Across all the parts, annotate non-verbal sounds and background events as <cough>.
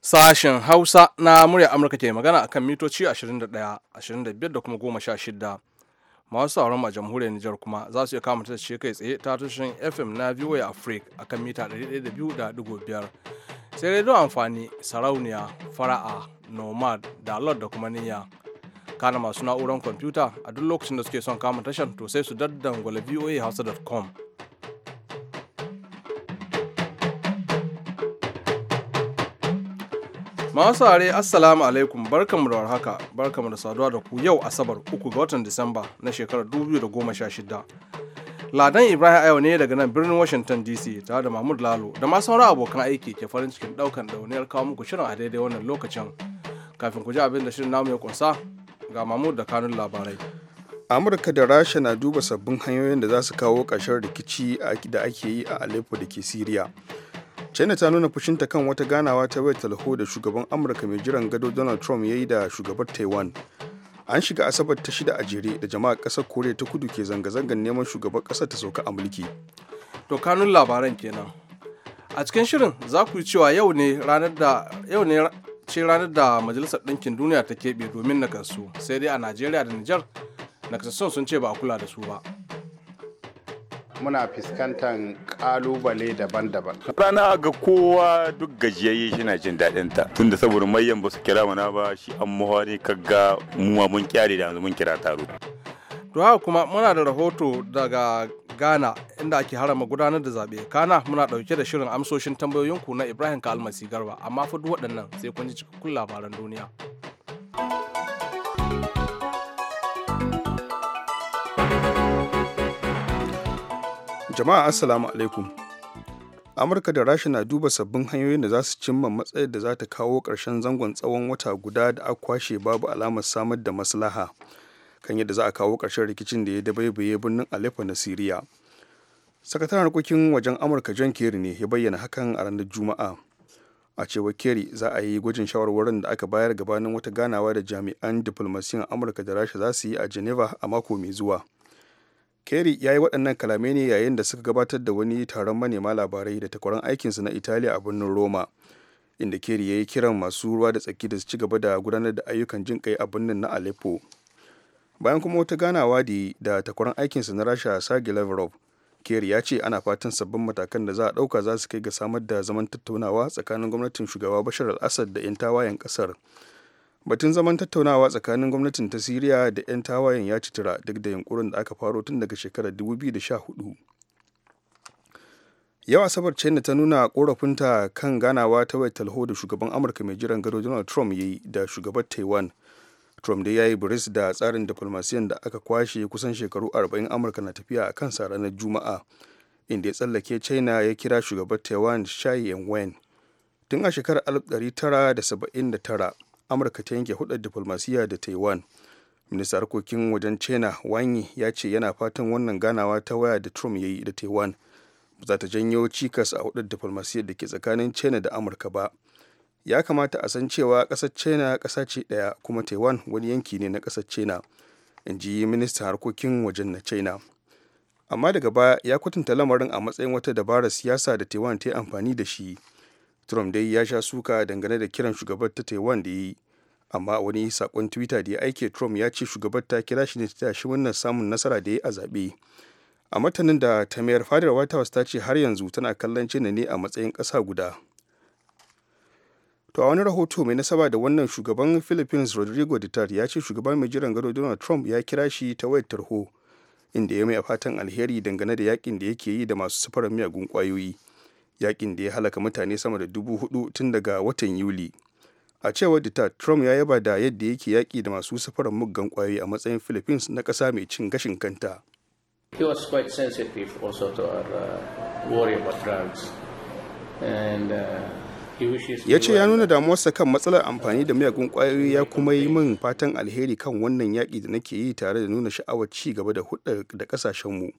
Sashen Hausa na murya Amurka ke magana a kan mitoci 21, 25 da kuma 16. Masu sauran a jamhuriyar Nijar kuma za su iya kama ce kai tsaye ta tushen FM na VOA Africa a kan mita 102.5. Sai don amfani, sarauniya, fara'a, nomad, da da kuma niyya. kana masu na'urar kwamfuta a duk lokacin da suke son kama tashar to sai su daddangwale voa hausa.com Masu are assalamu alaikum barkamu da warhaka barkamu da saduwa da ku yau asabar uku ga watan disamba na shekarar 2016 ladan ibrahim ayo ne daga nan birnin washington dc tare da mahmud lalo da ma sauran abokan aiki ke farin cikin daukan dauniyar kawo muku shirin a daidai wannan lokacin kafin ku ji abin da shirin namu ya kunsa ga mamu da kanun labarai amurka da rasha na duba sabbin hanyoyin da za su kawo ƙarshen rikici da ake yi a aleppo da ke syria. china ta nuna fushinta kan wata ganawa ta wayar talho da shugaban amurka mai jiran gado donald trump ya yi da shugabar taiwan an shiga asabar ta shida a jere da jama'a ƙasar koriya ta kudu ke zanga-zangar neman shugaban ƙasar ta sauka a mulki to kanun labaran kenan a cikin shirin za ku yi cewa yau ne ranar da yau ne ce ranar da majalisar ɗinkin duniya ta keɓe domin nakasassu sai dai a najeriya da nijar nakasassun sun ce ba a kula da su ba muna fuskantar kalubale daban-daban. Rana ga kowa duk gajiyayye na jin daɗin ta. Tunda saboda mayan ba su kira mana ba shi an muhawari kaga mu mun kyare da mun kira taro. to haka kuma muna da rahoto daga ghana inda ake harama gudanar da zaɓe kana muna ɗauke da shirin amsoshin tambayoyinku na ibrahim ka almasi garba amma fa duk waɗannan sai kun ji cikakkun labaran duniya jama'a assalamu alaikum amurka da rasha na duba sabbin hanyoyin da za su cimma matsayar da za ta kawo ƙarshen zangon tsawon wata guda da kwashe babu alamar samar da maslaha kan yadda za a kawo ƙarshen rikicin da ya dabaibaye birnin Aleppo na Siriya. Sakataren harkokin wajen Amurka John Kerry ne ya bayyana hakan a ranar Juma'a. A cewar Kerry za a yi gwajin shawarwarin da aka bayar gabanin wata ganawa da jami'an diflomasiyan Amurka da Rasha za su yi a Geneva a mako mai zuwa. Kerry ya yi waɗannan kalame ne yayin da suka gabatar da wani taron manema labarai da takwaran aikinsu na Italiya a birnin Roma. Inda Kerry ya yi kiran masu ruwa da tsaki da su ci gaba da gudanar da ayyukan jin kai a birnin na Aleppo. bayan kuma wata ganawa da da takwaran aikinsa na rasha sage lavrov kerry ya ce ana fatan sabbin matakan da za a ɗauka za su kai ga samar da zaman tattaunawa tsakanin gwamnatin shugaba bashar al-assad da 'yan tawayen ƙasar batun zaman tattaunawa tsakanin gwamnatin ta siriya da 'yan tawayen ya citira duk da yunkurin da aka faro tun daga shekarar 2014 yau asabar china ta nuna korafinta kan ganawa ta waitalho da shugaban amurka mai jiran gado donald trump ya yi da shugaban taiwan trump dai ya yi buris da tsarin diflomasiyan da aka kwashe kusan shekaru 40 amurka na tafiya a kansa ranar juma'a inda ya tsallake china ya kira shugaban taiwan shai wen tun a shekarar 1979 amurka ta yanke hudar diflomasiya da taiwan minista harkokin wajen china wanyi ya ce yana fatan wannan ganawa ta waya da trump ya yi da taiwan ba za ta janyo cikas a hudar diflomasiyyar da ke tsakanin china da amurka ba ya kamata a san cewa ƙasar china ƙasa ce ɗaya kuma taiwan wani yanki ne na ƙasar china in ji ministan harkokin wajen na china amma daga baya ya kwatanta lamarin a matsayin wata dabarar siyasa da taiwan ta yi amfani da shi trump dai ya sha suka dangane da kiran shugabar ta taiwan da yi amma wani sakon twitter da ya aike trump ya ce shugabar ta kira shi ne ta shi wannan samun nasara da ya a zaɓe a martanin da ta mayar fadar white house ta ce har yanzu tana kallon china ne a matsayin ƙasa guda to a wani rahoto mai nasaba da wannan shugaban philippines rodrigo duterte ya ce shugaban mai jiran gado donald trump ya kira shi ta wayar tarho inda ya mai a fatan alheri dangane da yakin da yake yi da masu safarar miyagun kwayoyi yakin da ya halaka mutane sama da dubu hudu tun daga watan yuli a cewar duterte trump ya yaba da yadda yake yaki da masu safarar muggan kwayoyi a matsayin philippines na kasa mai cin gashin kanta He was quite sensitive also to our uh, worry about drugs and uh, ya ce ya nuna damuwarsa kan matsalar amfani da miyagun kwayoyi ya kuma yi min fatan alheri kan wannan yaƙi da nake yi tare da nuna sha'awar ci gaba da hudu da ƙasashenmu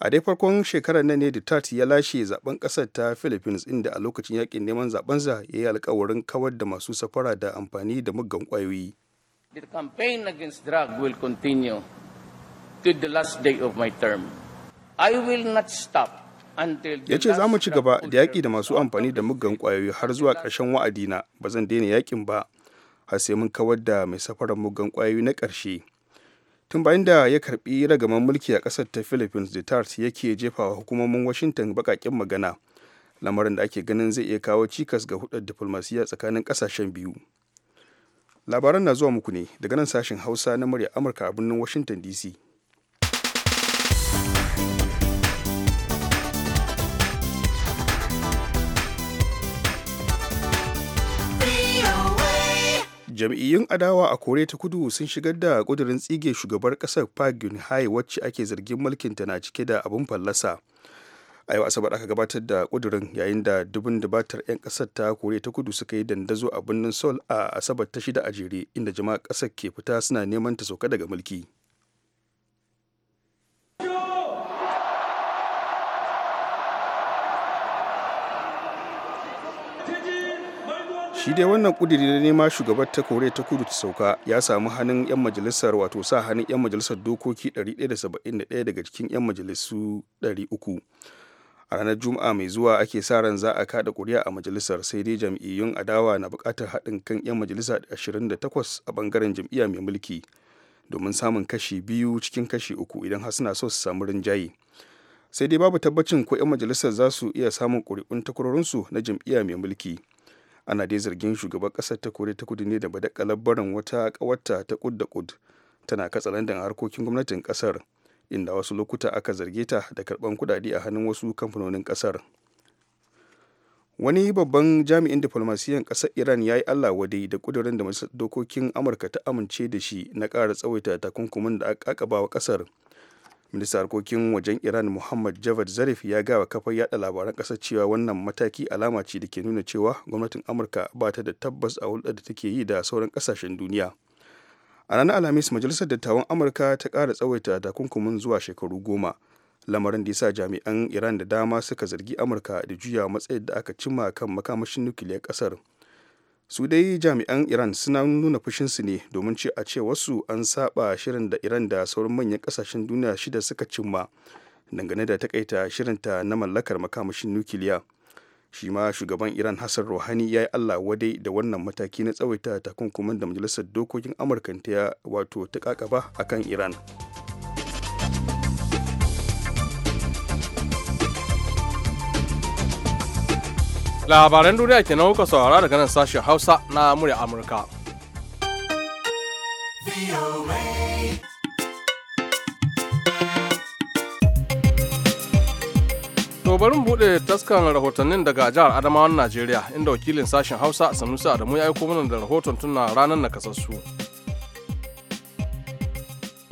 a dai farkon shekarar nan ne duterte ya lashe zaben ƙasar ta philippines inda a lokacin yakin neman zabensa ya yi alkawarin kawar da masu safara da amfani da muggan kwayoyi The campaign against drug will continue to the last day of my term. I will not stop ya ce za mu ci gaba da yaƙi da masu amfani da muggan ƙwayoyi har zuwa ƙarshen na ba zan daina yaƙin ba har sai mun kawar da mai safarar muggan ƙwayoyi na ƙarshe tun bayan da ya karbi ragaman mulki a ƙasar ta philippines tars yake jefawa hukumomin washington baƙaƙen magana lamarin da ake ganin zai iya kawo cikas ga hudar diflomasiyya tsakanin ƙasashen biyu labaran na zuwa muku ne daga nan sashen hausa na murya amurka a birnin washington dc jam'iyyun adawa a kore ta kudu sun shigar da kudurin tsige shugabar kasar park geun wacce ake zargin mulkinta na cike da abun fallasa a yau asabar aka gabatar da kudurin yayin da dubin dubatar 'yan kasar ta kore ta kudu suka yi dandazo a birnin seoul a asabar ta shida a jere inda jama'a kasar ke fita suna neman ta sauka daga mulki shi dai wannan kudiri na nema shugabar ta kore ta kudu ta sauka ya samu hannun 'yan majalisar wato sa hannun 'yan majalisar dokoki 171 daga cikin 'yan majalisu 300 a ranar juma'a mai zuwa ake sa ran za a kada kuri'a a majalisar sai dai jam'iyyun adawa na bukatar haɗin kan 'yan majalisa 28 a bangaren jam'iyya mai mulki domin samun kashi biyu cikin kashi uku idan har suna so su samu rinjaye sai dai babu tabbacin ko 'yan majalisar za su iya samun ƙuri'un takwarorinsu na jam'iyya mai mulki ana dai zargin shugaban ƙasar ta kore ta kudu ne da badakalar barin wata ƙawarta ta kud da kud tana katsalandan harkokin gwamnatin ƙasar inda wasu lokuta aka zarge ta da karban kudade a hannun wasu kamfanonin ƙasar wani babban jami'in diflomasiyan ƙasar iran ya yi allah wadai da kudurin da dokokin amurka ta amince da shi na ƙara tsawaita takunkumin da aka ba wa ƙasar minista harkokin wajen iran muhammad javad zarif ya gawa kafar yada labaran kasar cewa wannan mataki alama ce da ke nuna cewa gwamnatin amurka ba ta da tabbas a hulɗar da take yi da sauran kasashen duniya a ranar alhamis majalisar dattawan amurka ta kara tsawaita takunkumin zuwa shekaru goma lamarin da ya sa jami'an iran da dama suka zargi amurka da juya matsayin da aka cimma kan makamashin nukiliyar kasar. su dai jami'an iran suna nuna fushinsu ne domin ce a ce wasu an saba shirin da iran da sauran manyan kasashen duniya shida suka cimma dangane da takaita shirinta na mallakar makamashin nukiliya shi ma shugaban iran hassan rohani ya yi allah wadai da wannan mataki na tsawaita takunkumin da majalisar dokokin amurka ta wato ta kakaba kan iran labaran duniya ke kuka saurara daga nan sashen hausa na murya amurka to bari mu bude taskan rahotannin daga jihar adamawan najeriya inda wakilin sashen hausa sanusi adamu ya aiko mana da rahoton tunan ranar nakasassu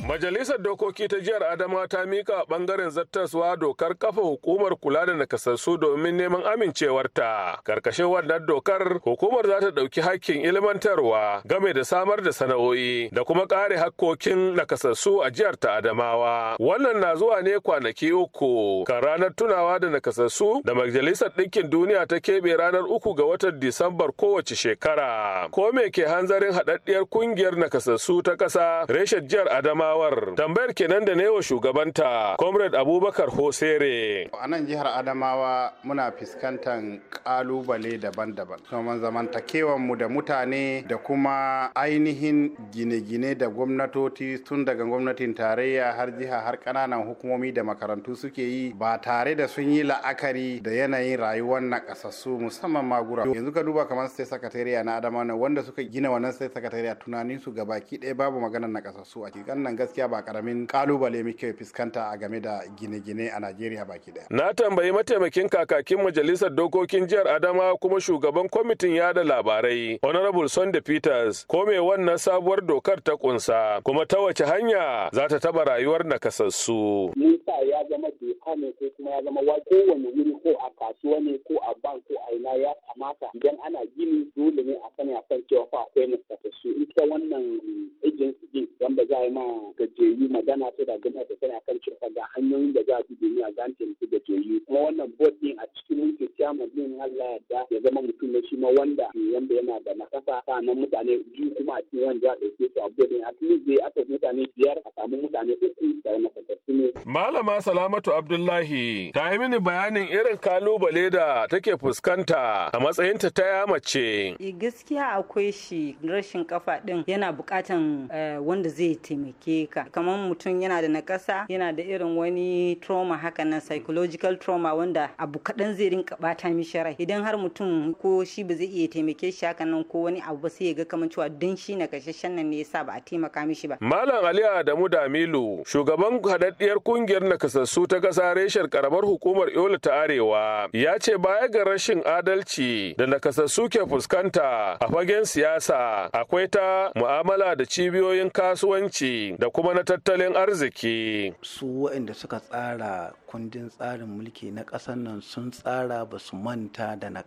Majalisar Dokoki ta Jihar Adamawa ta mika bangaren zattaswa dokar kafa hukumar kula da nakasassu domin neman amincewarta. Karkashin wannan dokar hukumar za ta ɗauki hakkin ilmantarwa game da samar da sana'o'i da kuma kare hakkokin nakasassu a jihar ta Adamawa. Wannan na zuwa ne kwanaki uku kan ranar tunawa da nakasassu da Majalisar Ɗinkin Duniya ta keɓe ranar uku ga watan Disambar kowace shekara. Ko me ke hanzarin haɗaɗɗiyar ƙungiyar nakasassu ta ƙasa reshen jihar Adamawa adawar tambayar kenan da newa shugabanta comrade abubakar hosere a nan jihar adamawa muna fuskantar kalubale daban-daban kuma zamantakewan mu da mutane da kuma ainihin gine-gine da gwamnatoci tun daga gwamnatin tarayya har jiha har kananan hukumomi da makarantu suke yi ba tare da sun yi la'akari da yanayin rayuwar na kasassu musamman magura yanzu ka duba kamar state secretariat na adamawa wanda suka gina wannan state secretariat tunanin su gabaki ɗaya babu maganar na kasassu a cikin nan gaskiya ba karamin kalubale muke fuskanta a game da gine-gine a Najeriya baki daya. Na tambayi mataimakin kakakin majalisar dokokin jihar Adama kuma shugaban kwamitin yada labarai Honorable Sunday Peters ko me wannan sabuwar dokar ta kunsa kuma ta wace hanya za ta taba rayuwar nakasassu. Musa ya zama doka ne ko kuma ya zama kowane wuri ko a kasuwa ne ko a bank ko a ina ya kamata idan ana gini dole ne a sani a kan cewa fa akwai nakasassu ita wannan agency din ba za a yi ma gajiyayyu magana ta da gwamnati tana kan cewa ga hanyoyin da za a bi a zan taimaki gajiyayyu kuma wannan bot din a cikin mulki chairman din Allah ya ya zama mutum ne shi ma wanda yanda yana da nakasa na mutane biyu kuma a cikin wanda a ke su a board din a cikin zai aka mutane biyar a samu mutane uku da wani kasassu ne. Malama Salamatu Abdullahi ta yi mini bayanin irin kalubale da take fuskanta a matsayinta ta ya mace. Eh, gaskiya akwai shi rashin kafa din yana bukatan eh, wanda zai taimake ka kamar mutum yana da nakasa yana da irin wani trauma haka nan psychological trauma wanda abu kaɗan zai rinka bata mishi rai idan har mutum ko shi ba zai iya taimake shi haka nan ko wani abu ba sai ya ga kamar cewa dan shi na kashashen nan ne yasa ba a taimaka mishi ba malam ali adamu damilu shugaban hadaddiyar kungiyar nakasassu ta kasa reshen karamar hukumar yola ta arewa ya ce baya ga rashin adalci da nakasassu ke fuskanta a fagen siyasa akwai ta mu'amala da cibiyoyin kasuwanci da da kuma na tattalin arziki. Su waɗanda suka tsara kundin tsarin mulki na ƙasar nan sun tsara ba su manta da na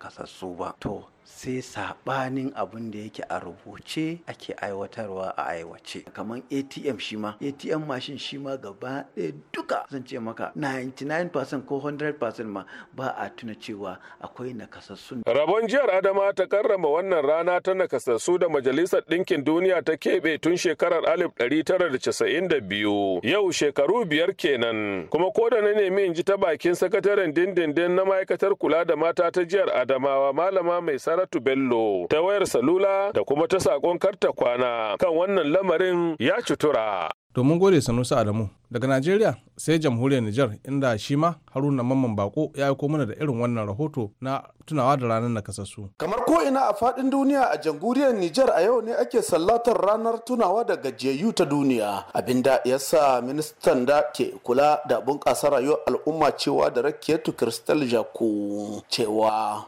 ba. To, sai sabanin abin da yake a rubuce ake aiwatarwa a aiwace kamar atm shi ma atm mashin shi ma gaba ɗaya duka zan ce maka 99% ko 100% ma ba a tuna cewa akwai nakasassu rabon jihar adama ta karrama wannan rana ta nakasassu da majalisar ɗinkin duniya ta keɓe tun shekarar 1992 yau shekaru biyar kenan kuma ko da na nemi in ji ta bakin sakataren dindindin na ma'aikatar kula da mata ta jihar adamawa malama mai sara Saratu Bello ta wayar salula da kuma ta saƙon karta kwana kan wannan lamarin ya cutura. Domin gode Sanusi Adamu. daga najeriya sai jamhuriyar nijar inda shi ma haruna mamman bako ya aiko mana da irin wannan rahoto na tunawa da ranar nakasassu kamar ko ina a fadin duniya a jamhuriyar nijar a yau ne ake sallatar ranar tunawa da gajiyayyu ta duniya abinda ya sa ministan da ke kula da bunƙasa rayuwar al'umma cewa da rakiyatu kristal jaku cewa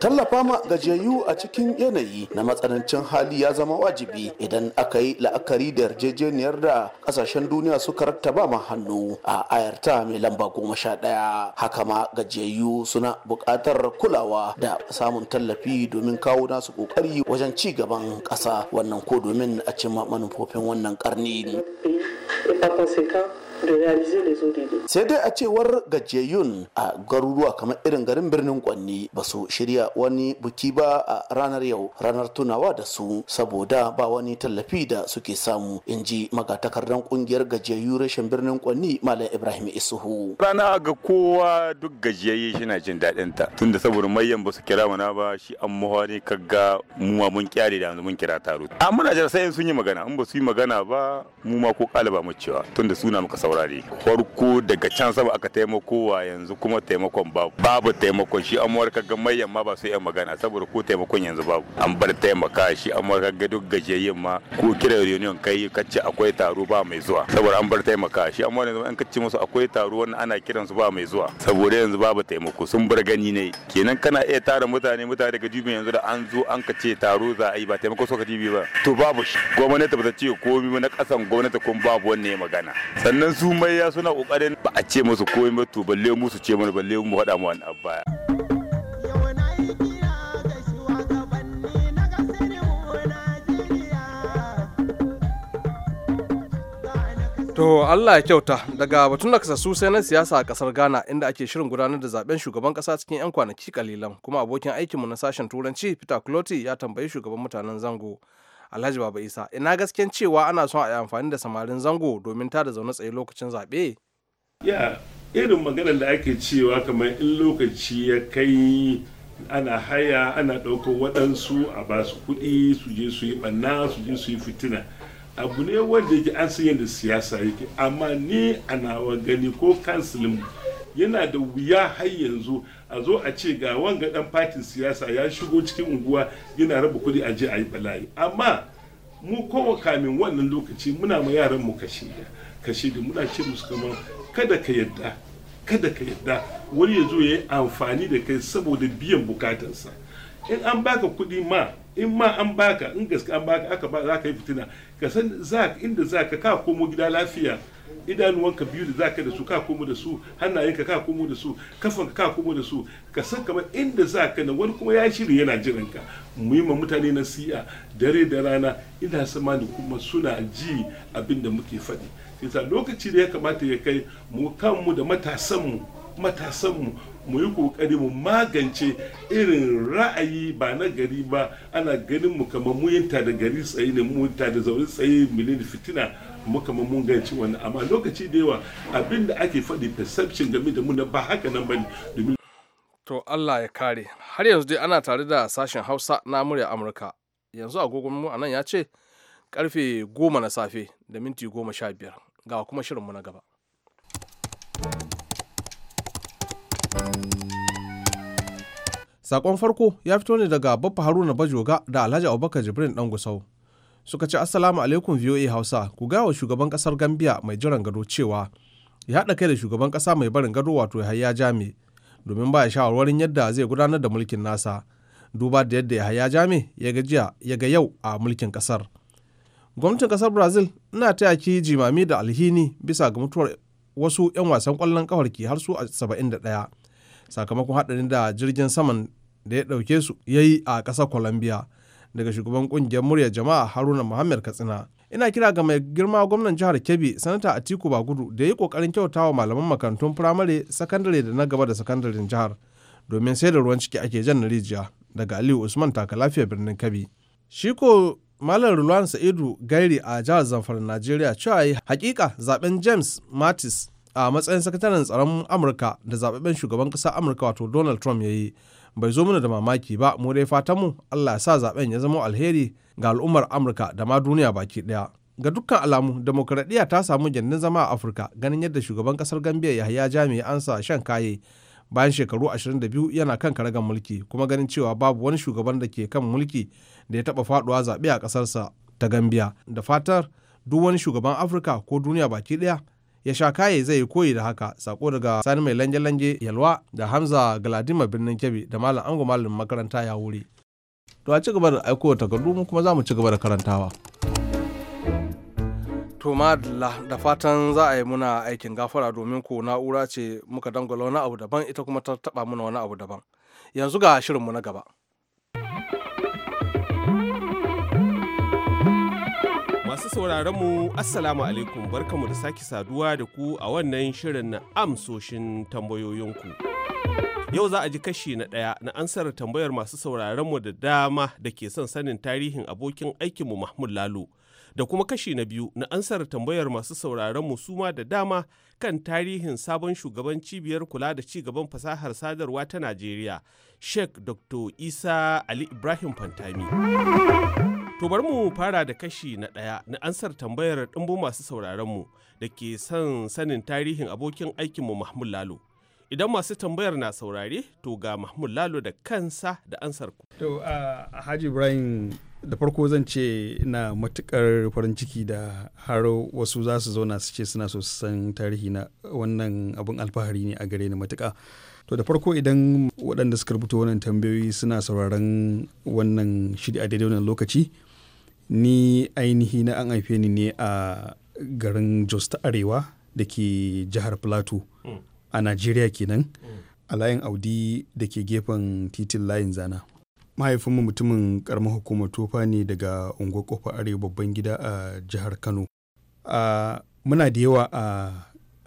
tallafa ma gajiyayyu a cikin yanayi na matsanancin hali ya zama wajibi idan aka yi la'akari da yarjejeniyar da kasashen duniya suka rattaba ma hannu a ayarta mai lamba goma sha ɗaya haka ma gajiyayyu suna buƙatar kulawa da samun tallafi domin kawo nasu ƙoƙari wajen ci gaban ƙasa wannan ko domin a cimma manufofin wannan ƙarni. da réaliser les ODD. Sai dai a cewar gajiyayyun a garuruwa kamar irin garin birnin Kwanni ba su shirya wani buki ba a ranar yau ranar tunawa da su saboda ba wani tallafi da suke samu in ji magatakardan kungiyar gajiyayyu rashin birnin Kwanni Malam Ibrahim Isuhu. Rana ga kowa duk gajiyayye na jin daɗin ta tunda saboda mayan ba su kira mana ba shi an muhawa ne kaga mu ma mun kyare da mun kira taro. A mana jar sai sun yi magana in ba su yi magana ba mu ma ko ƙalaba mu cewa tunda suna muka saurari farko daga can sama aka taimako wa yanzu kuma taimakon babu babu taimakon shi an warkar ga mayan ma ba su yan magana saboda ko taimakon yanzu babu an bar taimaka shi an ka ga duk gajiyayyen ma ko kira reunion kai kacce akwai taro ba mai zuwa saboda an bar taimaka shi an yanzu an kacce musu akwai taro wannan ana kiran su ba mai zuwa saboda yanzu babu taimako sun bar gani ne kenan kana iya tara mutane mutane daga dubin yanzu da an zo an kace taro za a yi ba taimako suka dibi ba to babu shi gwamnati ba ta ce komai na kasan gwamnati kun babu wanne magana sannan sumai ya suna kokarin ba a ce musu komai ba to balle mu su ce mana balle mu faɗa mu wani abu baya To Allah ya kyauta daga batun da kasassu sai na siyasa a kasar Ghana inda ake shirin gudanar da zaben shugaban kasa cikin 'yan kwanaki kalilan kuma abokin aikinmu na sashen turanci Peter Clotty ya tambayi shugaban mutanen zango alhaji baba isa ina gasken cewa ana son a yi amfani da samarin zango domin tada zaune tsaye lokacin zaɓe ya irin maganar da ake cewa kamar in lokaci ya kai ana haya ana ɗaukar waɗansu a ba su kuɗi su je su yi ɓanna su je su yi fitina abu ne wanda yake an san yadda siyasa yake amma ni ana gani ko kansilin yana da wuya har yanzu a zo a ce ga wanga dan fatin siyasa ya shigo cikin unguwa yana raba kuɗi a je a yi bala'i amma mu kowa kamin wannan lokaci muna ma yaran mu kashe kashe da muna ce musu kamar kada ka yadda kada ka yadda wani ya zo ya yi amfani da kai saboda biyan bukatansa in an baka kuɗi ma in ma an baka in gaske an baka aka ba za ka yi fitina ka san inda za ka ka komo gida lafiya idanuwanka biyu da zaka da su ka komo da su hannayenka ka komo da su kafanka ka komo da su ka san kamar inda zaka na wani kuma ya shirya yana jiranka muhimman mutane na siya dare da rana ina sama da kuma suna ji abin da muke faɗi sai lokaci da ya kamata ya kai mu kanmu da matasanmu matasanmu mu yi kokari mu magance irin ra'ayi ba na gari ba ana ganin mu kamar mu yin da gari tsaye ne mu da zaune tsaye milin fitina mu kamar mun ganci wani amma lokaci da yawa abin da ake faɗi perception game da mu na ba haka nan bane domin to Allah ya kare har yanzu dai ana tare da sashen Hausa na murya Amurka yanzu agogon mu anan ya ce karfe goma na safe da minti goma sha biyar ga kuma shirin mu na gaba Sakon farko ya fito ne daga Baffa Haruna Bajoga da Alhaji Abubakar Jibrin dan Gusau. Suka ce Assalamu alaikum VOA Hausa, ku gawa shugaban kasar Gambia mai jiran gado cewa ya haɗa kai da shugaban ƙasa mai barin gado wato Yahaya Jami domin ba ya shawarwarin yadda zai gudanar da mulkin nasa. Duba da yadda Yahaya Jami ya gajiya ya ga yau a mulkin ƙasar. Gwamnatin ƙasar Brazil ina taya ki jimami da alhini bisa ga mutuwar wasu 'yan wasan ƙwallon ki har su 71. sakamakon haɗarin da jirgin saman da ya ɗauke su ya yi a ƙasar colombia daga shugaban ƙungiyar muryar jama'a haruna muhammad katsina ina kira ga mai girma gwamnan jihar kebbi sanata atiku bagudu da ya yi ƙoƙarin kyautawa malaman makarantun firamare sakandare da na gaba da sakandaren jihar domin sai da ruwan ciki ake jan rijiya daga aliyu usman taka lafiya birnin kebbi shi ko malam ruwan sa'idu gairi a jihar zamfara najeriya cewa yi hakika zaben james mattis a matsayin sakataren tsaron amurka da zababben shugaban ƙasar amurka wato donald trump ya yi bai zo mana da mamaki ba mu dai mu. allah ya sa zaben ya zama alheri ga al'ummar amurka da ma duniya baki ɗaya ga dukkan alamu demokuraɗiyya ta samu gindin zama a afirka ganin yadda shugaban ƙasar gambia yahaya jami ansa shan kaye bayan shekaru 22 yana kan karagar mulki kuma ganin cewa babu wani shugaban da ke kan mulki da ya taba faduwa zaɓe a ƙasarsa ta gambia da fatar duk wani shugaban afirka ko duniya baki ɗaya ya sha kaye zai koyi da haka sako daga sani mai lanje-lanje yalwa da hamza galadima birnin kebbi da malam ango malam makaranta ya wuri to a ci gaba da aiko takardu mu kuma za mu ci gaba da karantawa to madalla da fatan za a yi muna aikin gafara domin ko na'ura ce muka dangwala wani abu daban ita kuma ta taba muna wani abu daban yanzu ga shirinmu na gaba Masu mu Assalamu alaikum barkamu da sake saduwa da ku a wannan shirin na amsoshin tambayoyinku. Yau za a ji kashi na ɗaya na ansar tambayar masu mu da dama da ke son sanin tarihin abokin aikinmu Mahmud Lalo. Da kuma kashi na biyu na ansar tambayar masu sauraronmu mu suma da dama kan tarihin sabon shugaban cibiyar kula da ci gaban fasahar sadarwa ta Najeriya, Sheikh Dr. Isa Ali Ibrahim Fantami. To bari mu fara da kashi na ɗaya na ansar tambayar ɗimbu masu mu da ke son sanin tarihin abokin aikinmu Mahmud Lalo. Idan masu tambayar na saurare to ga Mahmud Lalo da kansa da ansar ku. To a Haji Ibrahim da farko zan ce na matukar farin ciki da har wasu za su zauna su ce suna so su san tarihi na wannan abin alfahari ne a gare ni matuka. to da farko idan waɗanda suka rubuta wannan tambayoyi suna sauraron wannan shiri a daidai wannan lokaci ni ainihi na an haife ni ne a garin jos ta arewa da ke jihar plateau hmm. a najeriya kenan hmm. a layin audi da ke gefen titin layin zana mahaifinmu mutumin karamar hukumar tofa ne daga unguwar kofa arewa babban gida a jihar kano muna da yawa a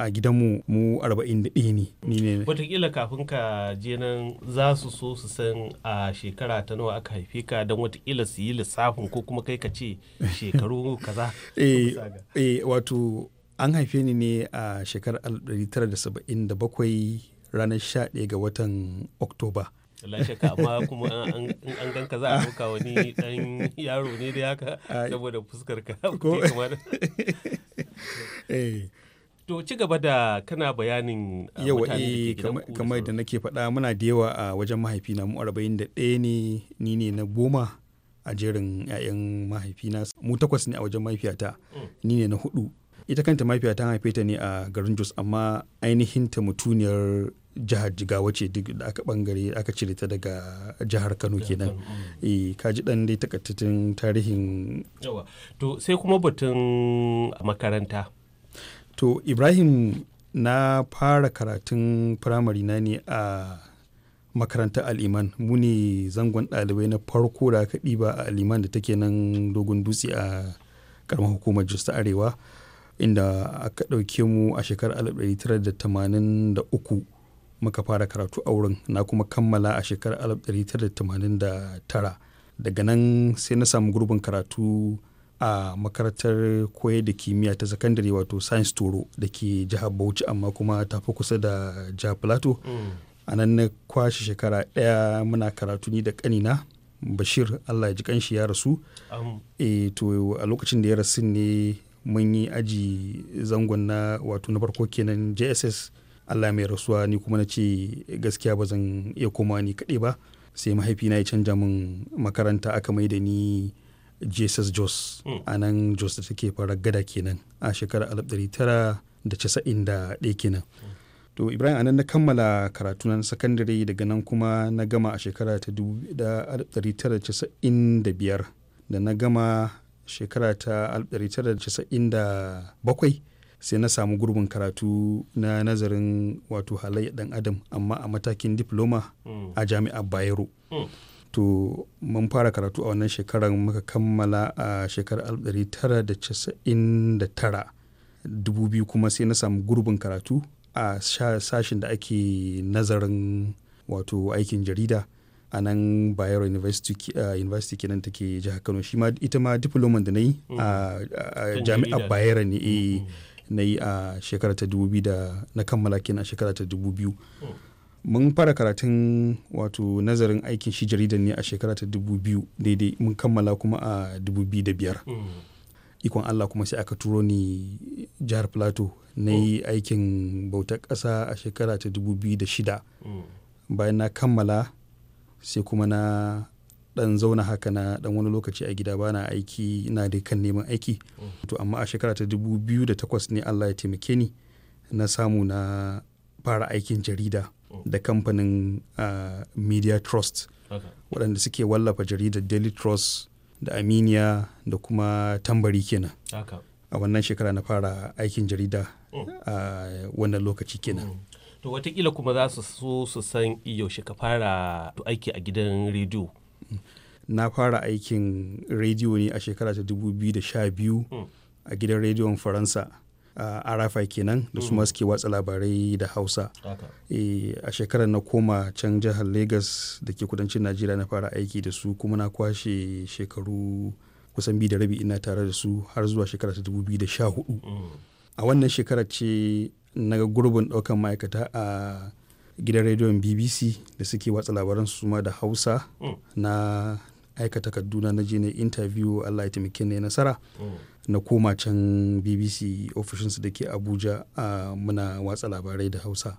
a gidanmu mu 41 ne ni ne watakila kafin ka je nan za su so su san a shekara ta nawa aka haife ka don watakila su yi lissafin ko kuma kai ka ce <laughs> shekaru kaza eh, eh wato an haife ni ne a shekarar 1977 ranar 11 ga watan oktoba lashaka amma kuma an ganka za a ɗauka wani ɗan yaro ne da haka saboda fuskar ka <laughs> To ci gaba da kana bayanin uh, yawa eh kamar da nake faɗa muna da yawa a wajen mahaifina mu 41 ne ni ne na goma a jerin 'ya'yan mahaifina mu takwas ne a wajen mahaifiyata mm. ni ne na hudu ita kanta mahaifiyata haife ta ne a garin Jos amma ainihin ta mutuniyar jihar jigawa ce duk da aka bangare aka cire ta daga jihar kano kenan mm. eh ka ji dan dai takaitattun tarihin yawa to sai kuma batun makaranta to ibrahim na fara karatun firamare na ne a makarantar al'iman mu ne zangon ɗalibai na farko da aka ɗiba a al'iman da take nan dogon dutse a karamar hukumar jos ta arewa inda aka ɗauke mu a shekarar 1983 muka fara karatu a wurin na kuma kammala a shekarar 1989 daga nan sai na samu gurbin karatu a makarantar koyar da kimiyya ta sakandare wato science toro da ke jihar bauchi amma kuma ta fi kusa da jihar plateau a nan na kwashe shekara ɗaya muna karatu ni da kanina bashir allah ya ji kanshi ya rasu e, to a lokacin da ya rasu ne mun yi aji zangon na wato na farko kenan jss allah mai rasuwa ni kuma na ce gaskiya ba zan iya koma ni kaɗai ba sai mahaifina ya canja min makaranta aka mai da ni jesus jos hmm. a nan jos da take fara gada kenan a shekarar 1991 kenan hmm. to ibrahim anan na kammala karatu na sakandare daga nan kuma na gama a shekara ta 1995 da na gama shekara ta 1997 sai na samu gurbin karatu na nazarin wato halayya dan adam amma a matakin diploma hmm. a jami'ar bayero to mun fara karatu a wannan shekarar muka kammala a shekarar 1999 biyu kuma sai na samu gurbin karatu a sashen da ake nazarin wato aikin jarida a nan bayero university, uh, university kenan take jihar kano shi ma ita ma diploman da na yi mm. a jami'ar bayero ne eh, mm. na yi a shekara ta 2000 da na kammala kenan a shekara ta 2000 mun fara karatun wato nazarin aikin shi jaridar ne a shekara ta dubu biyu daidai mun kammala kuma a dubu biyu da biyar hmm. ikon allah kuma sai aka turo ni jihar plateau na yi hmm. aikin bautar ƙasa a shekara ta dubu biyu da shida hmm. bayan na kammala sai kuma na dan zauna haka na dan wani lokaci a gida bana aiki na da kan neman aiki to amma a shekara ta dubu biyu da takwas ne allah ya taimake ni na samu na fara aikin jarida da kamfanin uh, media trust waɗanda suke wallafa jaridar daily trust da aminiya da kuma tambari kenan a wannan shekara na fara aikin jarida a oh. uh, wannan lokaci kenan oh. to watakila kuma za su so su san yaushe ka fara aiki a gidan rediyo na fara aikin rediyo ne a shekara ta 2012 a gidan rediyon faransa arafa kenan da su mm. suke watsa labarai da hausa eh, a shekarar na koma can jihar lagos da ke kudancin najeriya na fara aiki da su kuma na kwashe shekaru kusan biyu da rabi ina tare da su har zuwa shekara ta da hudu mm. a wannan shekarar ce na gurbin daukan ma'aikata a gidan rediyon bbc da suke watsa labaran su ma da hausa mm. na aikata kaduna na je na interview allah ya taimake ne nasara na koma can bbc ofishinsu da ke abuja a muna watsa labarai da hausa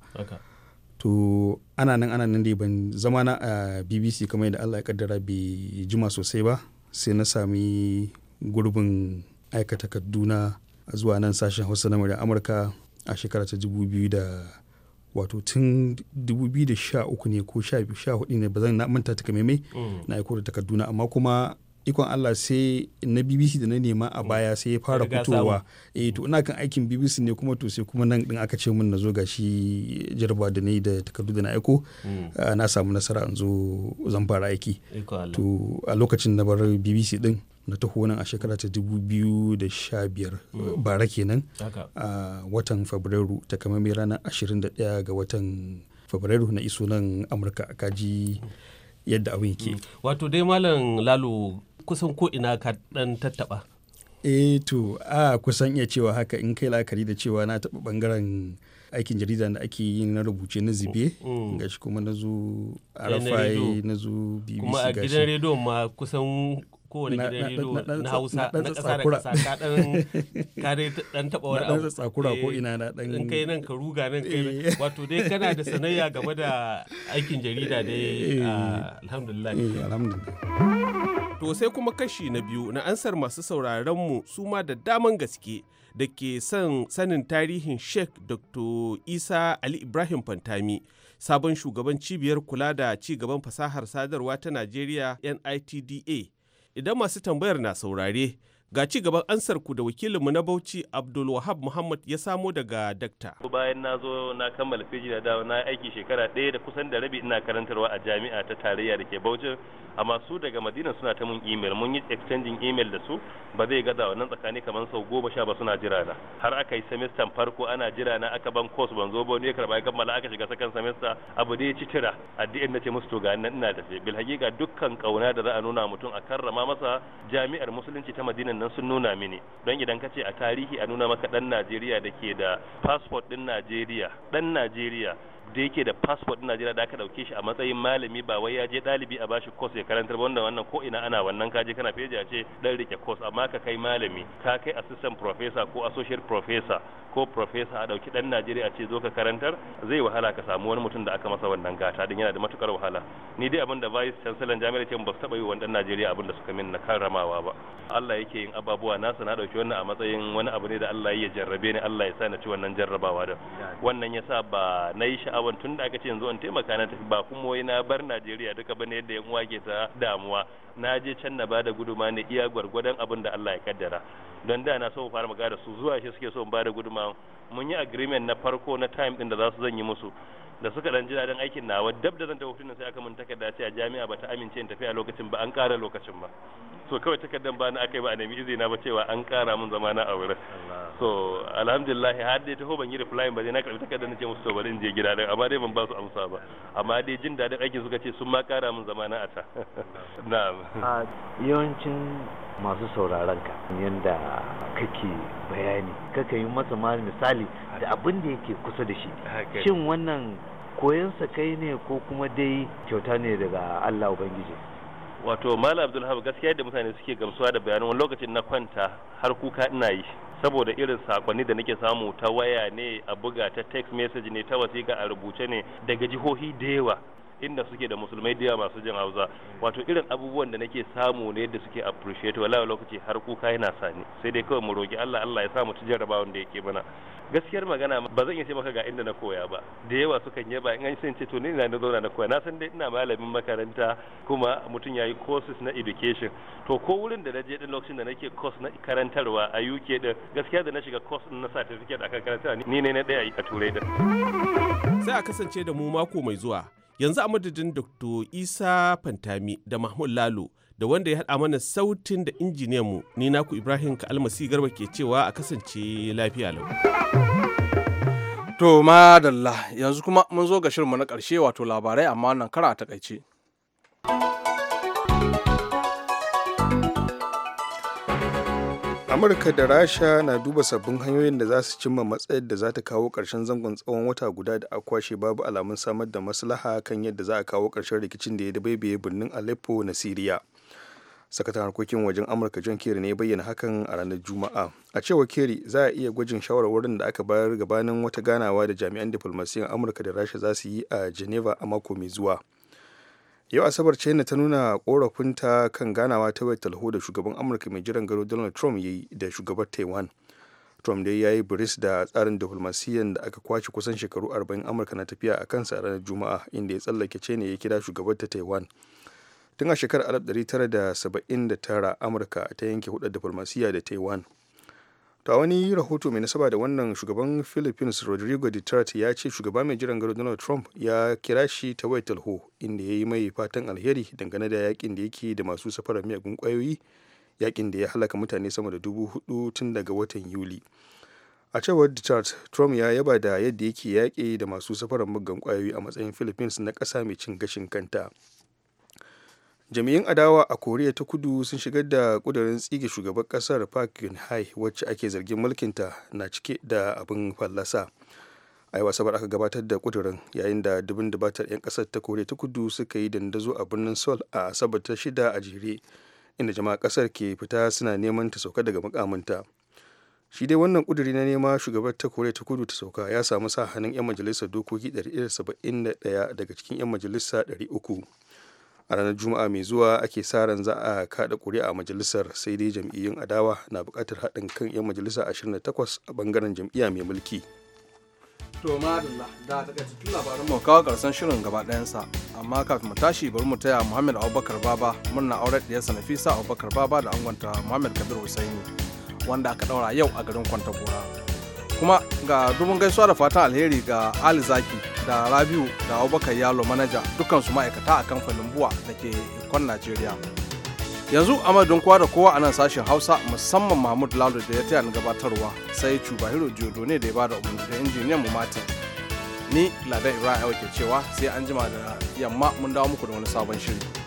to ana nan ana nan dai ban zama na a bbc kamar yadda allah ya kaddara bai jima sosai ba sai na sami gurbin aika takarduna zuwa nan sashen hausa na murya amurka a shekara ta 2000 da wato tun 2013 ne ko hudu ne ba zan na manta ta maimai mm. na aiko da takarduna amma kuma ikon Allah sai na BBC da na nema a baya sai ya fara fitowa eh to ina kan aikin BBC ne kuma to sai kuma nan din aka ce min na zo gashi jarba da ni da takardu da na aiko hmm. ah, na samu nasara an zo zan fara aiki to a lokacin na bar BBC din na taho nan a shekara ta 2015 hmm. bara kenan a ah, watan Fabrairu ta kamar mai ranar 21 ga watan Fabrairu na iso nan Amurka kaji yadda abin ke. Hmm. Wato dai Malam Lalo kusan ko ina ka dan tattaba eh to a kusan iya cewa haka in kai la'akari da cewa na taɓa ɓangaren aikin jarida da ake yi na rubuce na zibe mm. ga shi kuma na zo arafai na zo bbc kuma a gidan rediyon ma kusan kowane gidan rediyo na hausa na ƙasa da ƙasa ka ɗan ka dai ɗan taɓa wani abu. Na dan tsakura ko eh, ina na ɗan. In kai nan ka ruga nan kai eh. wato dai kana da sanayya game da aikin jarida dai eh. alhamdulillah. Alhamdulillah. To sai kuma kashi na biyu na ansar masu sauraron mu su ma da daman gaske da ke son sanin tarihin Sheikh Dr. Isa Ali Ibrahim Fantami. sabon shugaban cibiyar kula da ci gaban fasahar sadarwa ta Najeriya NITDA idan masu tambayar na saurare Ga ci gaban ku da wakilinmu na Bauchi Abdulwahab Muhammad ya samo daga dakta. Bayan na zo na kammala fiji da dawo na aiki shekara ɗaya da kusan da rabi ina karantarwa a jami'a ta tarayya da ke Bauchi amma su daga Madina suna ta mun email mun yi exchanging email da su ba zai gaza wannan tsakani kamar sau goma sha ba suna jira na har aka yi semester farko ana jira na aka ban course ban zo ba ne karba ya kammala aka shiga sakan semester abu da ya ci tira addu'in na ce musu to ga nan ina tafe bil hakika dukkan kauna da za a nuna mutum a karrama masa jami'ar musulunci ta Madina wannan sun nuna mini don idan ka ce a tarihi a nuna maka ɗan Najeriya da ke da fasfot ɗin Najeriya ɗan Najeriya da yake da passport din Najeriya da aka dauke shi a matsayin malami ba wai ya je dalibi a bashi course ya karantar ba wanda wannan ko ina ana wannan ka je kana feji a ce dan rike course amma ka kai malami ka kai assistant professor ko associate professor ko professor a dauki dan Najeriya a ce zo ka karantar zai wahala ka samu wani mutum da aka masa wannan gata din yana da matukar wahala ni dai abin da vice chancellor jami'ar ce ba su taba yi wa dan Najeriya abin da suka min na karamawa ba Allah yake yin ababuwa nasa na dauki wannan a matsayin wani abu ne da Allah ya jarrabe ni Allah ya sa na ci wannan jarrabawa da wannan yasa ba na yi sha'awa abin tun da aka ce yanzu in taimaka na tafi ba kuma wai na bar Najeriya duka bane yadda yan uwa ke ta damuwa na je can na bada guduma ne iya gwargwadon abin da Allah ya kaddara don da na so fara magana su zuwa shi suke so in bada guduma mun yi agreement na farko na time din da za su zan yi musu da suka dan ji dadin aikin nawa dab da zan tafi hutun sai aka mun takarda ce a jami'a ta amince in tafi a lokacin ba an ƙara lokacin ba so kawai takardan ba na aka yi ba a nemi izina ba cewa an ƙara mun zama na aure so alhamdulillah har dai taho ban yi reply ba dai na karbi takardan na ce musu to bari in je gida din amma dai ban ba su amsa ba amma dai jin dadin aikin suka ce sun ma ƙara mun zama na ata <laughs> na'am yawancin masu sauraron ka kake bayani kaka yi masa ma misali da abin da yake kusa da shi shin wannan koyansa kai ne ko kuma dai kyauta ne daga Allah Ubangiji wato malam Abdul abdulhab gaskiya da mutane suke gamsuwa da bayanin wani lokacin na kwanta har kuka ina yi saboda irin sakonni da nake samu ta waya ne a buga ta text message ne ta wasiƙa a rubuce ne daga jihohi da yawa inda suke da musulmai da masu jin hausa wato irin abubuwan da nake samu ne da suke appreciate wala lokaci har kuka yana sani sai dai kawai mu roki Allah Allah ya sa mu ci jarrabawan da yake mana gaskiyar magana ba zan iya ce maka ga inda na koya ba da yawa sukan yaba in an san ce to ni ina na zauna na koya na san dai ina malamin makaranta kuma mutum yayi courses na education to ko wurin da na je din lokacin da nake course na karantarwa a UK din gaskiya da na shiga course na certificate akan karantarwa ni ne na daya a turai din sai a kasance da mu mako mai zuwa yanzu a madadin dr isa fantami da mahmud lalo da wanda ya haɗa mana sautin da injiniyanmu ni naku ibrahim ka almasi garba ke cewa a kasance lafiya lau to madalla yanzu kuma mun zo ga shirinmu na ƙarshe wato labarai amma nan kara a takaice. amurka da rasha na duba sabbin hanyoyin da za su cimma matsayar da za ta kawo ƙarshen zangon tsawon wata guda da akwashe babu alamun samar da maslaha kan yadda za a kawo ƙarshen rikicin da ya dabaibaye birnin aleppo na syria sakataren harkokin wajen amurka john kerry ne bayyana hakan a ranar juma'a a cewar kerry za a iya gwajin shawarwarin da aka bayar gabanin wata ganawa da jami'an diplomasiyyar amurka da rasha za su yi a geneva a mako mai zuwa yau asabar china ta nuna korafinta kan ganawa ta wayar talho da shugaban amurka mai jiran gado donald trump ya yi da shugabar taiwan trump dai ya yi biris da tsarin diflomasiyyar da aka kwace kusan shekaru 40 amurka na tafiya a kansa ranar juma'a inda ya tsallake china ya kira shugabar ta taiwan tun a shekarar 1979 amurka ta yanke hudar diflomasiyya da taiwan to a wani rahoto mai nasaba da wannan shugaban philippines rodrigo duterte ya ce shugaba mai jiran gado donald trump ya kira shi ta white talho inda ya yi mai fatan alheri dangane da yakin da yake da masu safarar miyagun kwayoyi yakin da ya halaka mutane sama da dubu hudu tun daga watan yuli a cewar duterte trump ya yaba da yadda yake yaƙi da masu safarar muggan kwayoyi a matsayin philippines na ƙasa mai cin gashin kanta jami'in adawa a koriya ta kudu sun shigar da kudurin tsige shugaban kasar park geun wacce ake zargin mulkinta na cike da abin fallasa a yi wasabar aka gabatar da kudurin yayin da dubin dubatar 'yan kasar ta koriya ta kudu suka yi dandazo a birnin seoul a asabar ta shida a jere inda jama'a kasar ke fita suna neman ta sauka daga mukaminta shi dai wannan kuduri na nema shugabar ta koriya ta kudu ta sauka ya samu sa hannun 'yan majalisar dokoki 171 daga cikin 'yan majalisa 300 a ranar juma'a mai zuwa ake sa ran za a kada kuri'a a majalisar sai dai jam'iyyun adawa na buƙatar haɗin kan 'yan majalisa 28 a bangaren jam'iyya mai mulki to madalla da takaitattun labaran mu kawo karshen shirin gaba ɗayansa amma kafin mu tashi bari mu taya muhammad abubakar baba murna auren ɗiyarsa nafisa abubakar baba da angonta muhammad kabir husaini wanda aka ɗaura yau a garin kwantagora kuma ga dubin gaisuwa da fatan alheri ga ali zaki da rabiu da abubakar yalo manaja dukansu ma'aikata a kamfanin buwa da ke ikon najeriya yanzu a madadin kowa da kowa a nan sashen hausa musamman mahmud lalo da ya taya ni gabatarwa sai cubahiro jodo ne da ya bada umarni da injiniyan mu martin ni ladan ibrahim ke cewa sai an jima da yamma mun dawo muku da wani sabon shiri